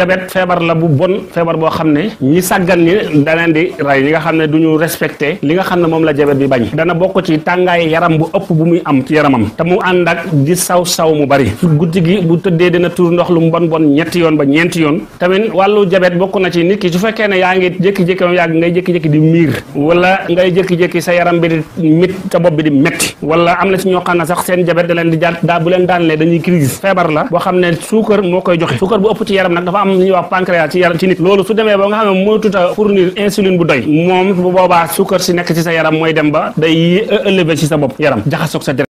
jabet feebar la bu bon feebar boo xam ne ñi sàggan ñi da leen di rey ñi nga xam ne du ñu respecté li nga xam ne moom la jabet bi bañ dana bokk ci tàngaay yaram bu ëpp bu muy am ci yaramam te mu ànd ak saw saw mu bari guddi gi bu tëddee dina tuur ndox lu mu bon bon ñetti yoon ba ñeenti yoon tamit wàllu jabet bokk na ci nit ki su fekkee ne yaa ngi jékki-jékki moom yaa ngay jékki-jékki di miir wala ngay jékki-jékki sa yaram bi di mit sa bopp bi di métti wala na ci ñoo xam ne sax seen jabet da leen di jàpp daa bu leen daanlee dañuy crise feebar la boo xam ne suukar moo koy joxe suukar bu ëpp ci yaram nag dafa am am lu ñuy wax pancréas loolu su demee ba nga xam ne mënatut a fournir insuline bu doy moom bu boobaa suukar si nekk ci sa yaram mooy dem ba day élevé ci sa bopp yaram jaxasoog sa deret